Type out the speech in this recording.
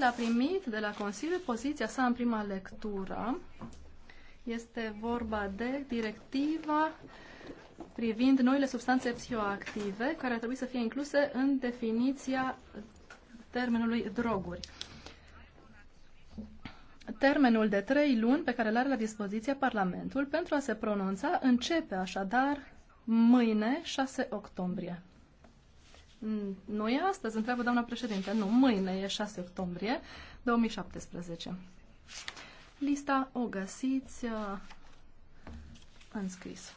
Parlamentul a primit de la Consiliu poziția sa în prima lectură. Este vorba de directiva privind noile substanțe psihoactive care ar trebui să fie incluse în definiția termenului droguri. Termenul de trei luni pe care îl are la dispoziție Parlamentul pentru a se pronunța începe așadar mâine, 6 octombrie. Mm, nu e astăzi, întreabă doamna președinte. Nu, mâine e 6 octombrie 2017. Lista o găsiți uh, înscris.